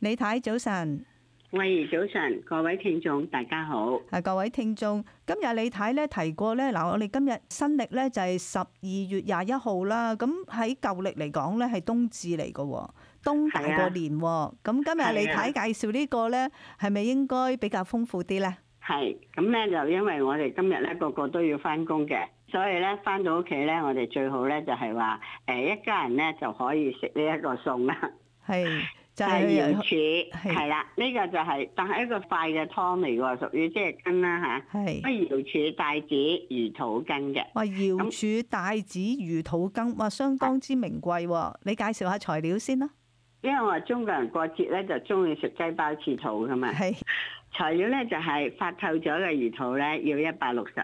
李太早晨，慧怡早晨，各位聽眾大家好。啊，各位聽眾，今日李太咧提過咧，嗱，我哋今日新曆咧就係十二月廿一號啦。咁喺舊曆嚟講咧係冬至嚟嘅，冬大過年。咁今日李太介紹呢個咧，係咪應該比較豐富啲咧？係，咁咧就因為我哋今日咧個個都要翻工嘅，所以咧翻到屋企咧，我哋最好咧就係話，誒，一家人咧就可以食呢一個餸啦。係。就係瑤柱，係啦是，呢個就係，但係一個快嘅湯嚟嘅喎，屬於即係羹啦嚇。係是。乜瑤柱帶子魚肚羹嘅？哇！瑤柱帶子魚肚羹哇，相當之名貴喎。是你介紹下材料先啦。因為我哋中國人過節咧，就中意食雞包翅肚㗎嘛。係是。材料咧就係、是、發透咗嘅魚肚咧，要一百六十克；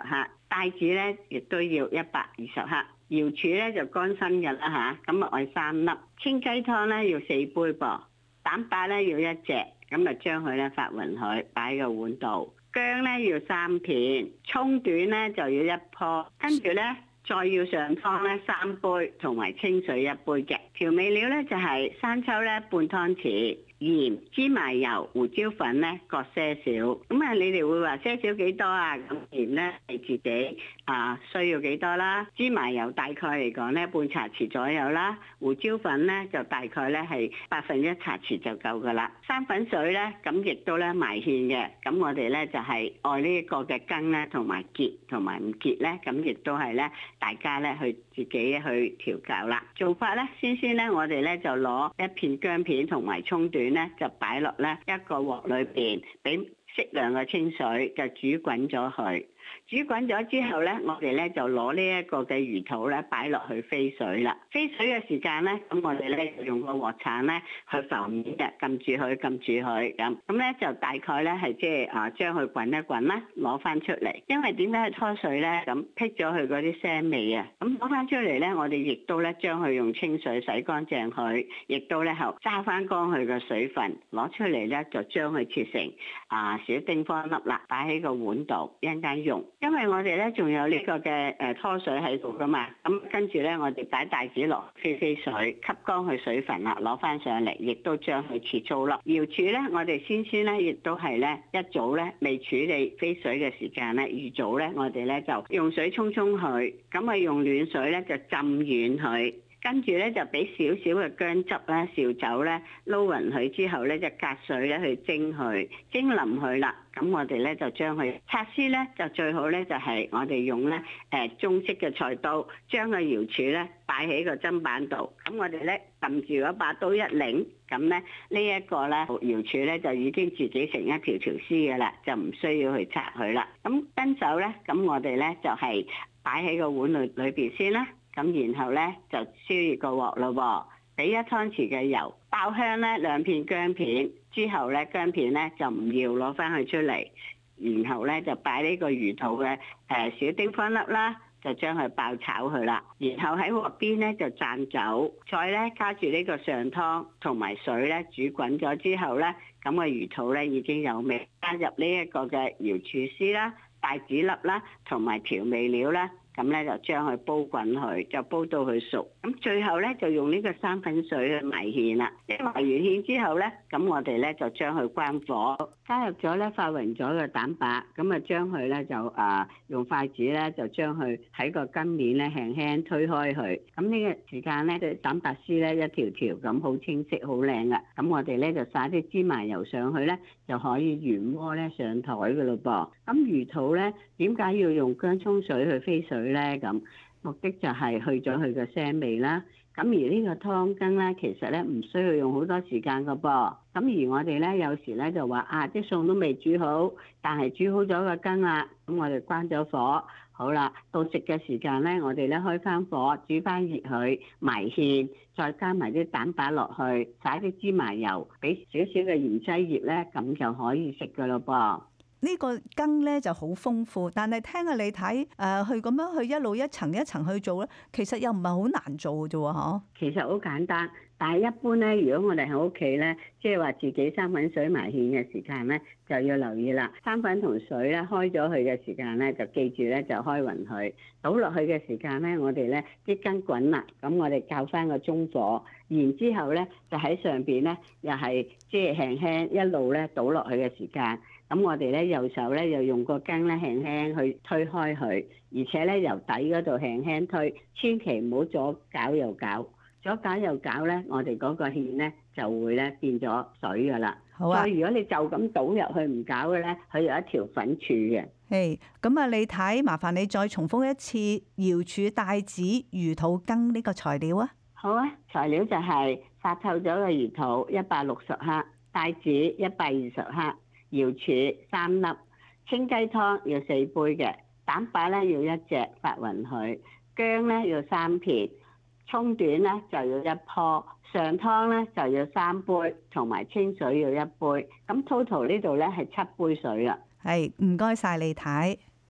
帶子咧亦都要一百二十克；瑤柱咧就乾身嘅啦吓！咁啊，要三粒清雞湯咧要四杯噃。蛋白咧要一隻，咁就將佢咧發勻佢，擺喺個碗度。薑咧要三片，葱短咧就要一棵，跟住咧再要上湯咧三杯，同埋清水一杯。嘅調味料咧就係生抽咧半湯匙。鹽、芝麻油、胡椒粉咧各些少，咁啊你哋會話些少幾多啊？咁鹽咧係自己啊、呃、需要幾多啦？芝麻油大概嚟講咧半茶匙左右啦，胡椒粉咧就大概咧係百分一茶匙就夠噶啦。生粉水咧咁亦都咧埋芡嘅，咁我哋咧就係、是、按呢一個嘅羹咧同埋結同埋唔結咧，咁亦都係咧大家咧去自己去調教啦。做法咧先先咧，我哋咧就攞一片薑片同埋葱段。咧就擺落咧一個鑊裏邊，俾適量嘅清水，就煮滾咗佢。煮滾咗之後咧，我哋咧就攞呢一個嘅魚肚咧擺落去飛水啦。飛水嘅時間咧，咁我哋咧用個鍋鏟咧去浮面嘅，撳住佢，撳住佢咁。咁咧就大概咧係即係啊將佢滾一滾啦，攞翻出嚟。因為點解係開水咧咁撇咗佢嗰啲腥味啊？咁攞翻出嚟咧，我哋亦都咧將佢用清水洗乾淨佢，亦都咧後揸翻乾佢嘅水分，攞出嚟咧就將佢切成啊小丁方粒啦，擺喺個碗度，一陣間用。因為我哋咧仲有呢個嘅誒拖水喺度噶嘛，咁跟住咧我哋擺帶子落飛飛水吸乾佢水分啦，攞翻上嚟，亦都將佢切粗咯。瑤柱咧，我哋先先咧，亦都係咧一早咧未處理飛水嘅時間咧，二早咧我哋咧就用水沖沖佢，咁啊用暖水咧就浸軟佢。跟住咧就俾少少嘅薑汁咧、紹酒咧撈勻佢之後咧就隔水咧去蒸佢，蒸腍佢啦。咁我哋咧就將佢拆絲咧就最好咧就係我哋用咧誒中式嘅菜刀將個瑤柱咧擺喺個砧板度。咁我哋咧撳住嗰把刀一擰，咁咧呢一個咧瑤柱咧就已經自己成一條條絲嘅啦，就唔需要去拆佢啦。咁跟手咧，咁我哋咧就係擺喺個碗裏裏邊先啦。咁然後咧就燒熱個鑊咯喎，俾一湯匙嘅油爆香咧兩片薑片，之後咧薑片咧就唔要攞翻佢出嚟，然後咧就擺呢個魚肚嘅誒小丁方粒啦，就將佢爆炒佢啦，然後喺鑊邊咧就讚酒，再咧加住呢個上湯同埋水咧煮滾咗之後咧，咁個魚肚咧已經有味，加入呢一個嘅瑤柱絲啦、帶子粒啦同埋調味料啦。咁咧就將佢煲滾佢，就煲到佢熟。咁最後咧就用呢個生粉水去埋芡啦。一埋完芡之後咧，咁我哋咧就將佢關火，加入咗咧發溶咗嘅蛋白，咁啊將佢咧就啊、呃、用筷子咧就將佢喺個羹面咧輕，輕輕推開佢。咁呢個時間咧，啲蛋白絲咧一條條咁好清晰好靚噶。咁我哋咧就撒啲芝麻油上去咧，就可以原鍋咧上枱噶咯噃。咁魚肚咧點解要用薑葱水去飛水？佢咧咁目的就係去咗佢嘅腥味啦。咁而呢個湯羹咧，其實咧唔需要用好多時間噶噃。咁而我哋咧有時咧就話啊，啲餸都未煮好，但係煮好咗個羹啦。咁我哋關咗火，好啦，到食嘅時間咧，我哋咧開翻火，煮翻熱佢，埋芡，再加埋啲蛋白落去，灑啲芝麻油，俾少少嘅芫茜葉咧，咁就可以食噶咯噃。呢個羹咧就好豐富，但係聽下你睇誒，佢、呃、咁樣去一路一層一層去做咧，其實又唔係好難做嘅啫喎，嗬。其實好簡單，但係一般咧，如果我哋喺屋企咧，即係話自己生粉水埋芡嘅時間咧，就要留意啦。生粉同水咧開咗佢嘅時間咧，就記住咧就開勻佢，倒落去嘅時間咧，我哋咧啲羹滾啦，咁我哋較返個中火，然之後咧就喺上邊咧又係即係輕輕一路咧倒落去嘅時間。咁我哋咧，右手咧又用個羹咧輕輕去推開佢，而且咧由底嗰度輕輕推，千祈唔好左搞右搞，左搞右搞咧，我哋嗰個芡咧就會咧變咗水噶啦。好啊！如果你就咁倒入去唔搞嘅咧，佢有一條粉柱嘅。係咁啊！你睇，麻煩你再重複一次，瑤柱帶子魚肚羹呢個材料啊。好啊！材料就係發透咗嘅魚肚一百六十克，帶子一百二十克。瑤柱三粒，清雞湯要四杯嘅，蛋白咧要一隻，發勻佢，薑咧要三片，蔥短咧就要一棵，上湯咧就要三杯，同埋清水要一杯，咁 total 呢度咧係七杯水啊。係，唔該晒你太。